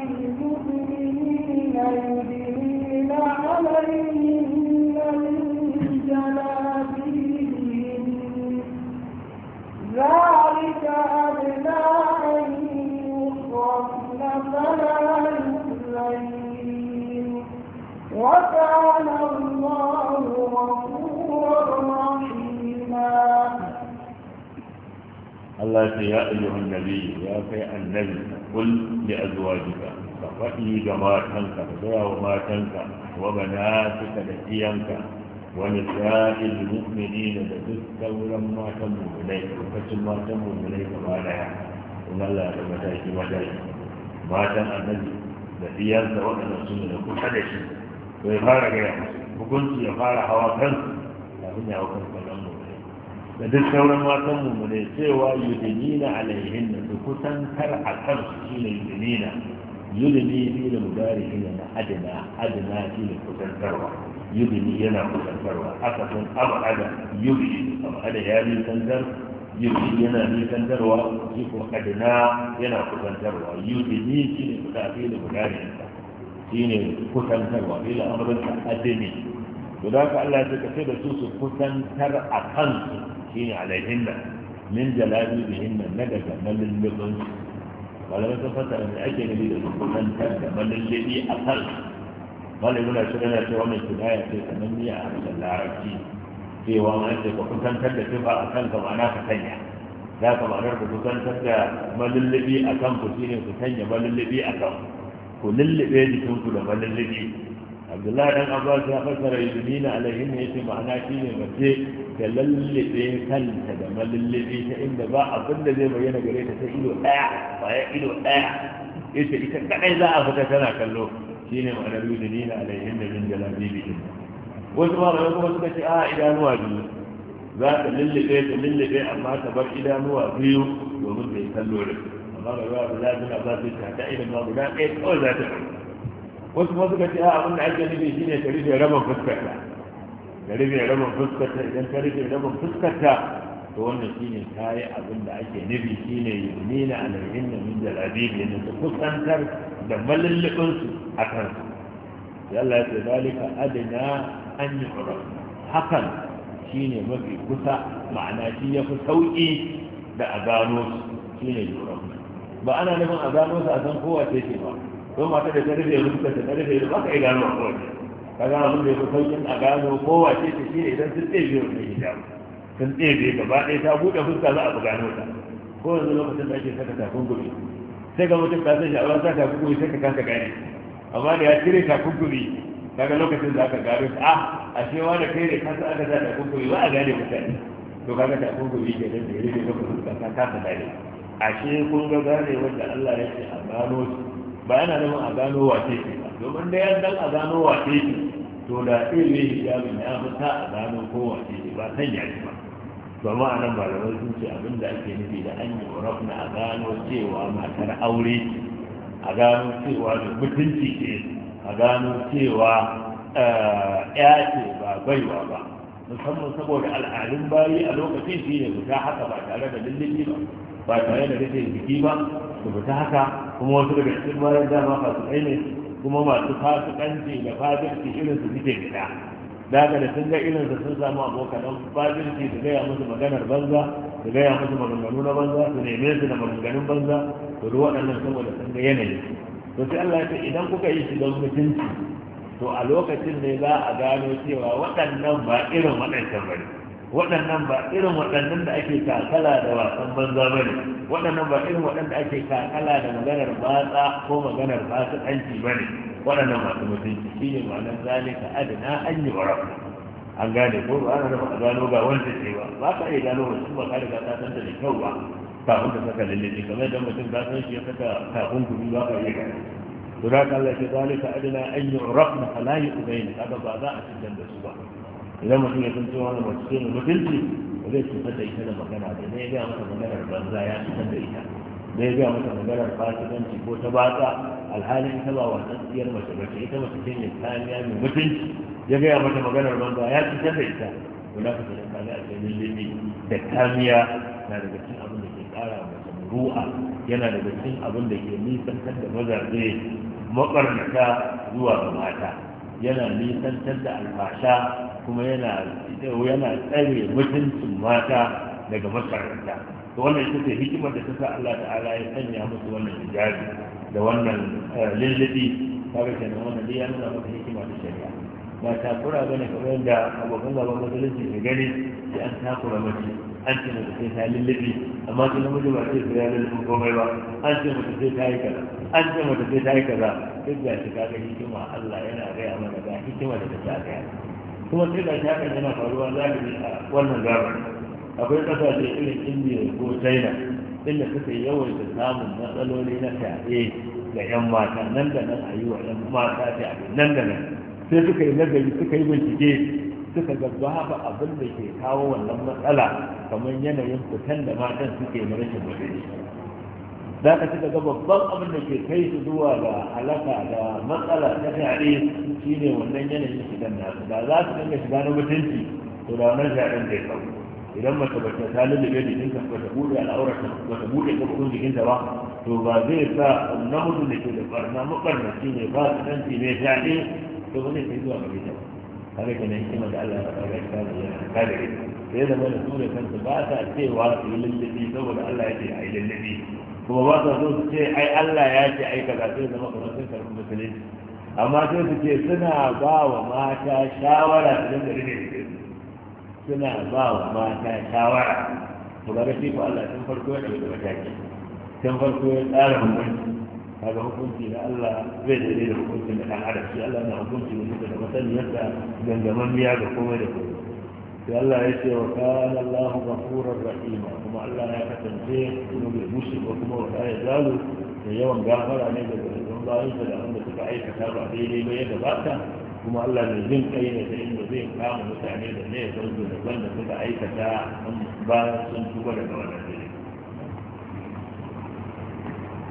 Allah ta yi ayyuhun nabi ya kai annabi kul li azwajika ka faɗi ga matanka ka gaya wa matanka wa bana suka da iyanka ونساء المؤمنين لدست ولما تموا إليه فكما تموا إليه ما لها وما لا تمتاك مجاك ما كان النبي لفيان سواء نفسه لكل حدث ويفارق يا وكنت يفارق حواكم لهم يا وكم فلأمه da duk sauran matan mu ne cewa yudinina alaihinna su kusantar a kansu shi ne yudinina yudini fi da mudari shi ne na adina adina shi ne kusantarwa yubini yana kusantarwa haka sun abada yubini abada ya nisantar yubini yana nisantarwa shi ko adina yana kusantarwa yubini shi ne guda fi da guda ne shi ne kusantarwa ila amurin adini guda ka Allah ya ce da su su kusantar a kansu shi ne alaihinna min jalabi bihinna na daga malin libin malamai sun fasara da ake nabi da su kusantar da malin libi a kansu malai muna shi yana ce wannan kinaya ce kamar miya a harshen larabci cewa wani ce ka kusantar da tufa a kanka ma'ana ka sanya za ka ma'anar ku kusantar da malullubi a kan ku shine ku sanya malullubi a kan ku lullube jikinku da malullubi abdullahi dan abbas ya fassara yudinina alaihin ya ce ma'ana shine mace ta lullube kanta da malullubi ta inda ba abin da zai bayyana gare ta ta ido daya ba ya ido daya ita ita kadai za a fita tana kallo shi ne ma'anar yudini na alayhin da min jalabibihin wasu ba mai kuma suka ce a idanuwa biyu za ta lullube ta lullube amma ka bar idanuwa biyu domin bai kallo da su. amma ga ruwa guda suna ba su ta ta ilimin ma guda ɗaya kawai za ta ɗauki wasu ma suka ce a abin da ake nufi shi ne ta rufe rabin fuskarta ta rufe rabin fuskarta idan ta rufe rabin fuskarta to wannan shi ne ta yi abin da ake nufi shi ne yudini na alayhin da min jalabibihin ta kusantar da malullubinsu a kansu sai Allah ya ce zalika adana an yi hakan shine mafi kusa ma'ana shi ya fi sauƙi da a gano shi shine yu'rafu ba ana nufin a gano su a san kowa ce ce ba don mata da ta rufe rufe ta ta rufe ba ka gano a kowace ka gano abin da ya fi sauƙin a gano kowa ce ce shine idan sun ɗebe wani hijabu sun ɗebe gaba ɗaya ta buɗe fuska za a fi gano ta ko yanzu lokacin da ake saka takunkumi sai ga mutum ka sai shi a wani sa takun sai ka kanta gane amma da ya cire takunkumi daga lokacin da aka gano ah a ce wani kai ne kasa aka sa takunkumi ba a gane mutane to kaga takunkumi ke nan da ya rage maka da ka kasa gane ashe kun ga gane wanda Allah ya ce a gano su ba yana nan a gano wace ce ba domin da yan dan a gano wace ce to da ilmi hijabin ya fita a gano ko wace ce ba sanya shi ba domin a nan malamai sun ce abinda ake nufi da an yi rafna a gano cewa matar aure a gano cewa da mutunci ce a gano cewa eh, ya ce ba baiwa ba musamman saboda al'adun bayi a lokacin shi ne fita haka ba tare da lullubi ba ba tare da rashin jiki ba su fita haka kuma wasu daga cikin bayan dama fasu ne kuma masu fasikanci da fadirci irin su suke gida daga da sun ga irin su sun samu abokanan fadirci su gaya musu maganar banza su gaya musu maganganu na banza su neme su da maganganun banza to duk waɗannan saboda sun ga yanayi to sai Allah ya ce idan kuka yi shi don mutunci to a lokacin ne za a gano cewa waɗannan ba irin waɗancan bane waɗannan ba irin waɗannan da ake kakala da wasan banza bane waɗannan ba irin waɗanda ake kakala da maganar batsa ko maganar fasikanci bane waɗannan masu mutunci shi ne ma'anar zalika adana an yi wa rabu. an gane ko ba ana da a gano ga wanda ce ba ba ka iya gano wasu sun ba ka riga ta san da kyau ba kafin ka saka lallabi kamar da mutum ka san shi ya saka kafin kuɗi ba ka iya gani to da ka Allah ke zalika adana an yi rafna fala yi ubayin kaga ba za a cutar da su ba idan mutum ya san cewa wani mace ce mai mutunci ba zai cutar da ita da magana ba ne ya gaya mata maganar banza ya cutar da ita da ya gaya mata maganar fasikanci ko ta batsa alhalin ita ba wasan tsiyar mace ba ce ita mace ce mai kariya mai mutunci ya gaya mata maganar banza ya cutar da ita to da ka san ka ga a cikin lullubi da kamiya na daga cikin ru'a yana da cikin abin da ke nisantar da mazaje makarnata zuwa ga mata yana nisantar da alfasha kuma yana yana tsare mutuncin mata daga makarnata to wannan ita ce hikimar da ta sa Allah ta'ala ya sanya musu wannan hijabi da wannan eh, lillabi kaga kenan wannan dai ya nuna hikima ta shari'a ba takura bane kamar yadda abokan gaban musulunci su gani sai an takura mace an ce mata sai ta lullubi amma su namiji ba sai su ya lullubi komai ba an ce mata sai ta yi kaza an ce mutu sai ta yi kaza duk da shi kaga hikima Allah yana gaya mana ga hikima da ta gaya kuma sai da shakan yana faruwa zalimi a wannan gabar akwai kasashe irin indiya ko china inda suka yawaita samun matsaloli na fyaɗe ga 'yan mata nan da nan a yi wa 'yan mata fyaɗe nan da nan sai suka yi nazari suka yi bincike suka ga babu abin da ke kawo wannan matsala kamar yanayin fitan da matan suke na rashin mutunci za ka cika ga babban abin da ke kai su zuwa ga halaka da matsala ta fyaɗe ne wannan yanayin da su da za su dinga shiga na mutunci to da wannan fyaɗen ya kawo idan mace ba ta ta lullube jikinta ba ta buɗe al'aurar ba ta buɗe ƙarfin jikinta ba to ba zai sa namijin da ke da ɓarna shi ne ba su ɗanci ne fyaɗe to ba zai kai zuwa gare ta ba kaga kenan hikima da Allah ya faɗa ga shi ya kare sai da mana su da kansu ba ta cewa su yi lallabi saboda Allah ya ce a yi lallabi kuma ba sa so su ce ai Allah ya ce ai kaza sai zama kamar sun karɓi musulunci amma sai su ce suna ba wa mata shawara su dinga rike da suna ba wa mata shawara to ga shi ko Allah tun farko ya ɗauki mataki tun farko ya tsara hukunci kaga hukunci da Allah zai daidai da hukuncin da kan adam shi Allah na hukunci da muka da masaniyar da gangamammiya ga komai da komai sai Allah ya ce wa kana Allahu ghafurur rahima kuma Allah ya kasance kuma bai mushi ba kuma wa ya zalu da yawan gafara ne daga dukkan bayan da wanda suka aikata ba daidai ba ya gabata kuma Allah mai jin kai ne da inda zai kama mutane da ne ya da wanda suka aikata ba sun tuba daga wannan daidai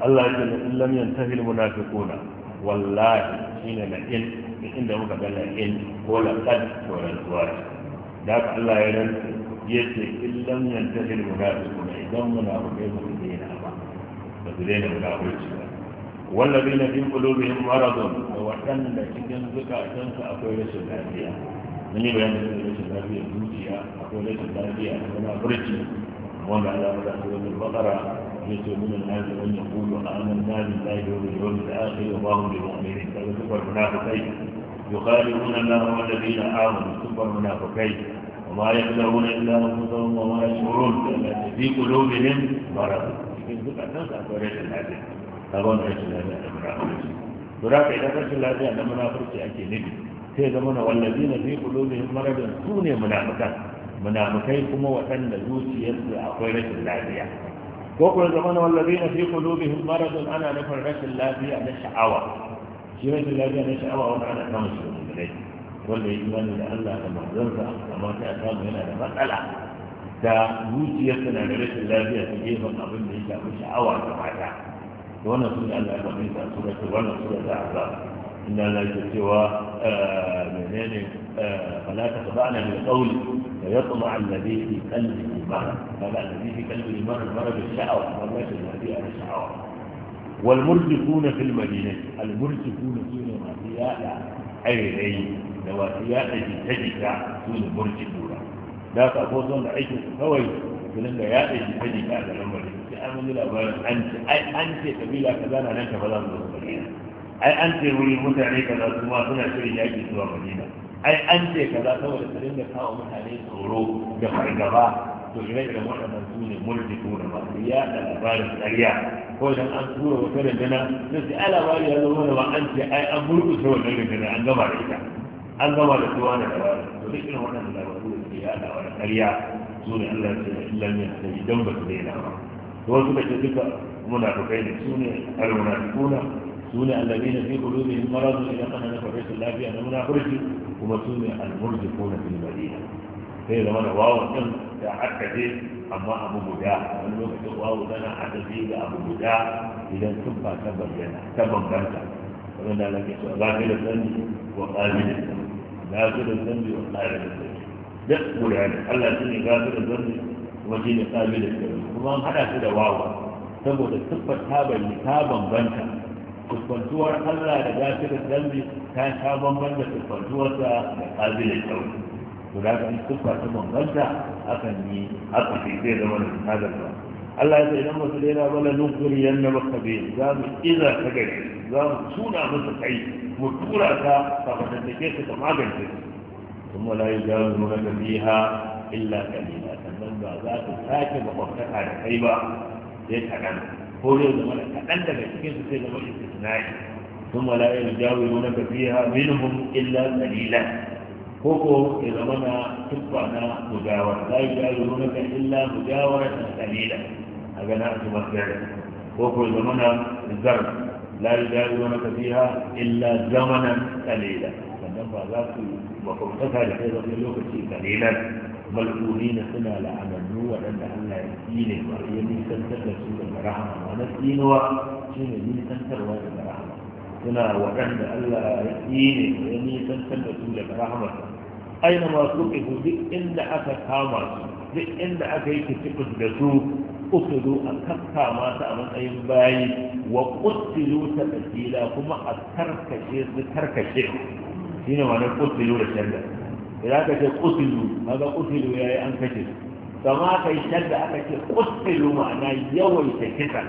Allah ya ce na illam yantahi munafiquna wallahi shine na in inda muka ga na in ko la kad to rantsuwa da ka Allah ya ran yace illam yantahi munafiquna idan munafiqai ba da daina ba ba su daina munafiqai ba fi qulubihim maradun wa وكان cikin su akwai rashin lafiya mun yi bayanin da rashin lafiya zuciya akwai rashin lafiya na burci wanda Allah ya da a yake da al-hadi an yaqulu amanna billahi wa bil yawmil akhir wa hum bil mu'minin kaga sifar munafiqai yukhalifuna Allah wa alladhina amanu wani munafiqai وما يخلون إلا أنفسهم وما يشعرون كما في قلوبهم مرض cikin zukatan akwai rashin lafiya ta ban rashin lafiya da munafurci to da kai rashin lafiya da munafurci ake nufi sai zama na wallazi na fi qulubihim maradun su ne munafikan munafikai kuma waɗanda zuciyarsu akwai rashin lafiya ko kuma zama na wallabi na fi qulubihim maradun ana nufin rashin lafiya na sha'awa shi rashin lafiya na sha'awa wanda ana kama shi da dai wanda ya imani da Allah da manzonsa amma sai samu yana da matsala da zuciyarsa na da rashin lafiya ta gefen abin da ya shafi sha'awa da mata da wannan sun Allah ya kamata a suratul wannan suratul azab inna la cewa menene فلا تخضعن بالقول فيطمع الذي في قلبه مرض هذا الذي في قلبه مرض مرض الشعوى مرض الذي على الشعوى والمرجفون في المدينة المرجفون سنة أي عيري وفياء جتجك سنة مرجفون ذاك أفوضون عيش الكوي فلن يا جتجك هذا الأمر أمن الأبار أنت أي أنت سبيل كذا أنت فلا تدخل أي أنت ولي المتعني كذا ثم سنة شيء يأتي في المدينة ai an ce kaza saboda su da kawo mutane tsoro da fargaba to ire iren waɗannan su ne mulki tuna ba da labarin ƙarya ko idan an tura wata rundunar na sai ai labari ya zama da ba an ce ai an murƙushe wannan rundunar an gama da ita an gama da tuwa da labarin to duk irin waɗannan labaru da suke yaɗa wa ƙarya su ne Allah ya ce da illan ya da idan ba su daina ba to wasu da ke duka muna da kai da su ne almunafiquna دون الذين في قلوبهم مرض إذا قد نفعوا عيسى الله في أنهم نعرجوا وما دون المرزقون في المدينة فهي لما أنا واو كم حتى دي أما أبو مجاع أنا ممكن واو دانا حتى دي أبو بداع إذا سبا سبا جنا سبا مجاع فمن أنا لك سبا غير الزنب وقابل الذنب غير الزنب وقابل الزنب دقوا يعني ألا تني غير الزنب وجيني قابل الزنب وما حدا كده واو سبا سبا سبا سبا مجاع fuskantuwar Allah da gafirin zambi ta sha bamban da fuskantuwarsa da kabilin tsauri to da kan kuka ta bambanta akan ni. aka fi zai zama da sinadar ba Allah ya ce idan ba daina ba nukuri yan na baka bai za mu iza ta gari za mu tuna masa kai mu tura ka kafatantake su ka magance su kuma la yi jawo nuna da biha illa kalila sannan ba za su sake makwabtaka da kai ba sai kaɗan ko dai zama da kaɗan daga cikin su sai zama istisnai sun wala ya jawo mana ka fiha minhum illa qalila ko ko ya zama na tubba na mujawara la ya jawo mana ka illa na dalila a ga na su masgari ko ko ya zama na zarf la yajawuna ka fiha illa zamanan qalila sannan ba za su makwabtaka da kai zafi lokaci kalilan mal'uni na suna la'anannu waɗanda Allah ya tsine ba ya nisantar da su daga rahama wani tsinuwa shi ne daga rahama suna waɗanda Allah ya tsine ya nisantar da su daga rahama masu inda aka kama aka yi kicikus da usudu a kakka masu a matsayin bayi wa kusilu ta tsakila kuma a karkashe su karkashe shi ne wani kusilu da shanda idan aka ce kusilu kaga kusilu ya yi an kashe kama aka yi shanda aka ce kusilu ma'ana yawaita kisa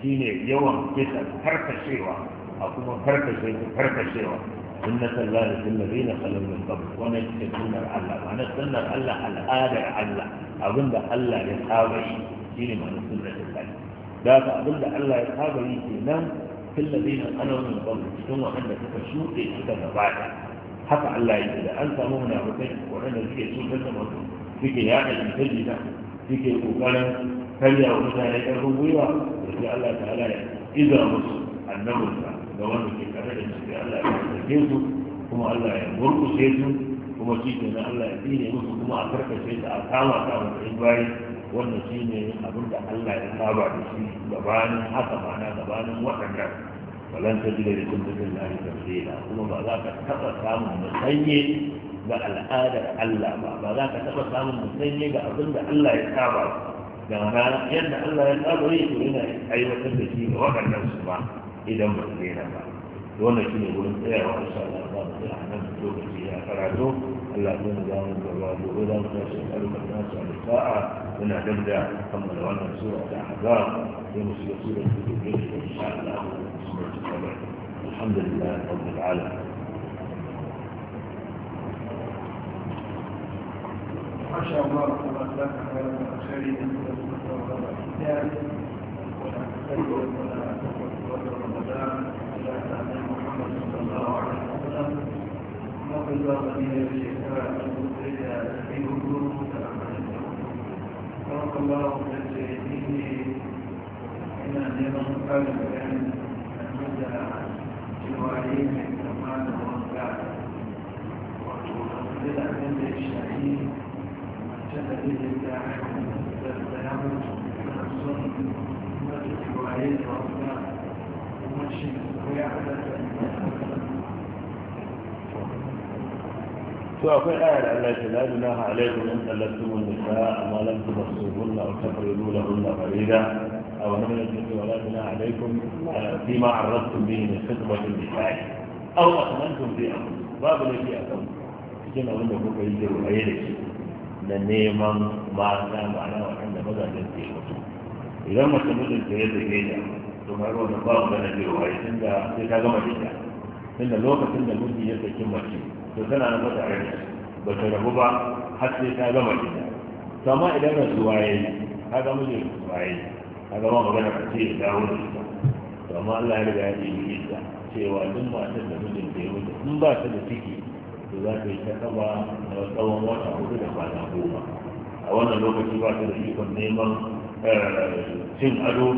shi ne yawan kisa karkashewa a kuma karkashe su karkashewa inna sallallahu alaihi na sallam min qabl wani ita sunnar Allah ma'ana sunar Allah al'adar Allah abinda Allah ya saba shi shine ma'anar ta khalq da ka abinda Allah ya saba yi kenan fil ladina ana min qabl cikin wanda suka shuɗe suka gabata haka Allah ya ce da an samu munafikai wanda suke cutar da mutum suke yaɗa intajina suke kokarin karya wa mutane ƙarfin gwiwa da sai Allah ala ya iza musu annabinsa ga wanda ke kare da su Allah ya sake su kuma Allah ya murkushe su kuma shi ke na Allah ya tsire musu kuma a karkashe su a kama ta wani bayan wannan shi ne abin da Allah ya saba da shi gabanin haka mana gabanin waɗannan walan ta jira da kun dukkan lahi kuma ba za ka taɓa samun musanye ga al'adar Allah ba ba za ka taɓa samun musanye ga abin da Allah ya saba da mana yadda Allah ya saba yi to yana aiwatar da shi ga waɗannan su ba idan ba zai daina ba wannan shi ne wurin tsayawa insha Allah ba mu tsaya nan lokaci ya karatu Allah ya nuna zamu gaba gobe za mu tashi da nasu a sa'a muna dab da kammala wannan sura ta ahzab sai mu shiga sura ta dubu da insha Allah sura ta saba alhamdulillah ما شاء الله تبارك لك خير من رمضان على محمد صلى الله عليه وسلم في صدق الله بالجاهدين إلى نظام قال بأن المدى جوارين الكمال والبعد وتوصل الأمن الشهيد جدد الداعم والسلام والصن وتوارين الأصلاح ومشي ويعبد المدى توافق آل على لا الله عليكم أن لستم النساء ما لم تبصرهن أو تقرروا لهن فريدا أو لم يجدوا ولا بناء عليكم فيما عرضتم به من خطبة النساء أو أخمنتم في أمر باب الذي أتم جمع لما كنت يجروا أيدك لنيما ما أسلام على وحن مدى جنتي وطوم إذا ما تمد الجيد إلينا ثم أروا نقاط بنجروا أيدك إذا كما تجعل إن الوقت إن المدية تجمع فيه to tana nan mata rai ba ta rabu ba har sai ta gama gida to amma idan rasuwa ya yi ka ga mijin rasuwa ya ka ga magana ka ce da dawo da to amma Allah ya riga ya yi ita cewa duk matar da mijin ta ya mutu in ba ta da ciki to za ta yi ta kaba na tsawon wata hudu da kwana goma a wannan lokaci ba ta da ikon neman eh, cin ado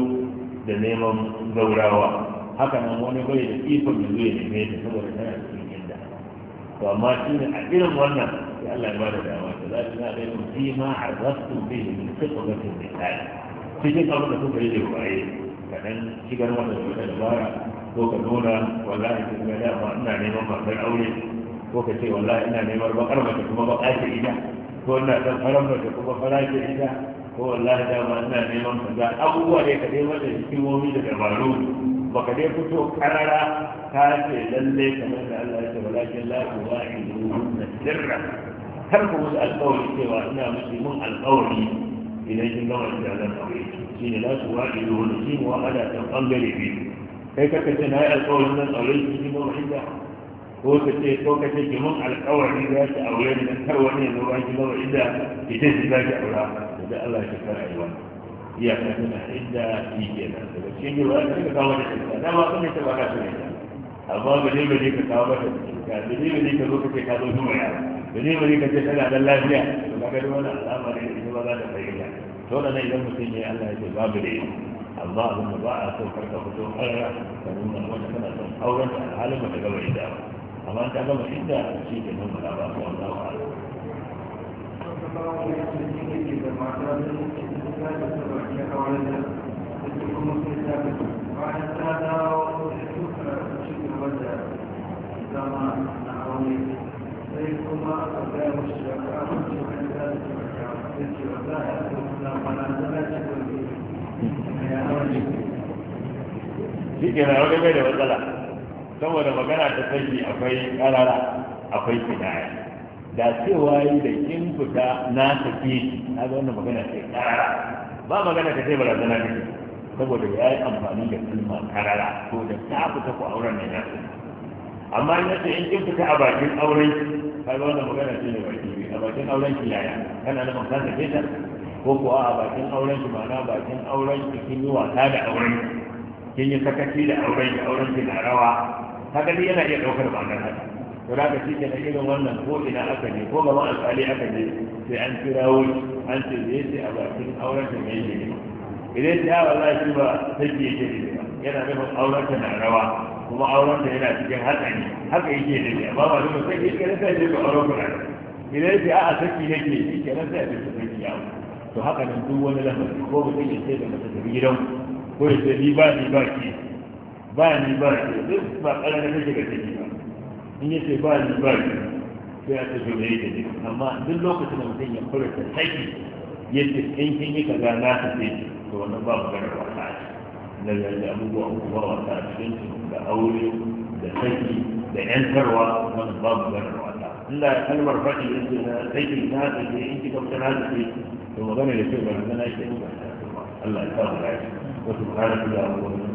da neman gaurawa haka nan wani bai da ikon da zai neme ta saboda tana da to amma shi ne a irin wannan sai Allah ya bada dama da za su zaɓe mu fi ma a rasu bihi min fiqhatin nisa'i cikin abin da kuka yi da waye kaɗan shigar mata da bara ko ka nuna wallahi kin ga dama ina neman matar aure ko ka ce wallahi ina neman bakar mace kuma ba ƙace ina ko ina son farar mace kuma fara ce ita ko wallahi dama ina neman kaza abubuwa ne ka neman da hikimomi da dabaru ba ka dai fito karara ta ce lalle kamar da Allah ya ce walakin la tuwa'idu na sirra kar ku musu alƙawari cewa ina musu mun alƙawari idan kin gama jalan aure shi ne la tuwa'idu na shi mu wa'ada ta bangare biyu kai ka ce na yi alƙawarin nan aure shi ne gama hijja ko ka ce ko ka ce ki mun alƙawari za ki aure ni dan kar wani ya zo ba ki gama hijja ki ce ki za ki aura da Allah ya kara yi wannan iya kuma inda shi ke nan daga cikin yi wani suka kawo da shirka na ma kuma ita ba ka shirka amma ba ne ba ne ka kawo mata shirka da ne ba ne ka zo ka ce ka zo zuwa yara da ne ba ne ka ce tana dan lafiya to ka gani wani alama ne da ita ba za ta fahimta to da nan idan mutum ya Allah ya ce babu da amma abin da ba a so karka fito ƙarra ka nuna wanda kana son auren da alhalin ba ta gama inda ba amma ta gama inda shi ke nan ba ba ko Allah ba. shi ke na wani mai da matsala saboda magana ta sanyi akwai karara akwai fidaya da cewa yi da in fita na tafi na ga wannan magana ce karara ba magana ta ce zana ne saboda ya yi amfani da kalma karara ko da ta fita ku auren ne na amma in ce in kin fita a bakin auren ka ga wannan magana ce ne baki a bakin auren ki yaya kana da magana ta ce ko kuwa a bakin auren ki ma'ana bakin auren ki kin yi wasa da auren kin yi sakaci da auren ki auren ki na rawa haka yana iya daukar ma'anar haka to da ka shi ke irin wannan ko ina aka ne ko gaban alƙali aka ne sai an kirawo an ce da yake a bakin auren da mai yi idan ta ba za shi ba take yake ne ba yana nufin auren ta na rawa kuma auren ta yana cikin hatsari haka yake ne amma ba nufin sai yake ne sai yake auren ku na idan ta a saki yake yake ne sai yake saki yawo to haka nan duk wani lamari ko mutum ya ce da mace da gidan ko ya ce ni ba ni ba ki ba ni ba ki duk ba ƙarar da take ga take ba in yace ba ni ba ni sai a tafi da yake amma duk lokacin da mutum ya kula ta saki yace in kin yi ka gana ta ce to wannan ba magana ba ta na da abubuwa uku ba wa ta ce da aure da haiki da yantarwa wannan ba magana ba ta inda kalmar faɗi ce na haiki na ta ce in kika fita na ta ce to magana da ce ba na ba Allah ya sa mu wasu wa subhanahu wa ta'ala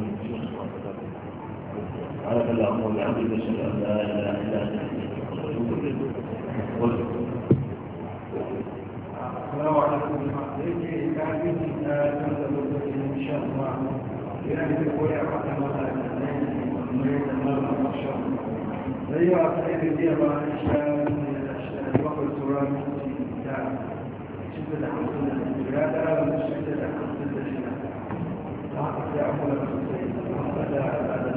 سبحانك اللهم وبحمدك اشهد ان لا اله الا انت السلام عليكم ورحمه الله وبركاته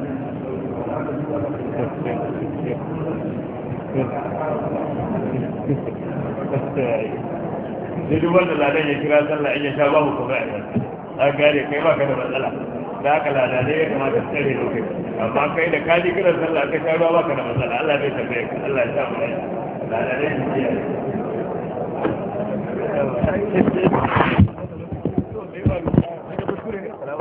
duk wanda ladan ya kira sallah in ya sha babu kuma a gare kai ba ka da matsala da aka ladanai ya kamata tsare lokaci amma kai da kaji kiran sallah ka sha ruwa ba ka da matsala Allah bai tambaye ka Allah ya sa mu ladanai ya kiyaye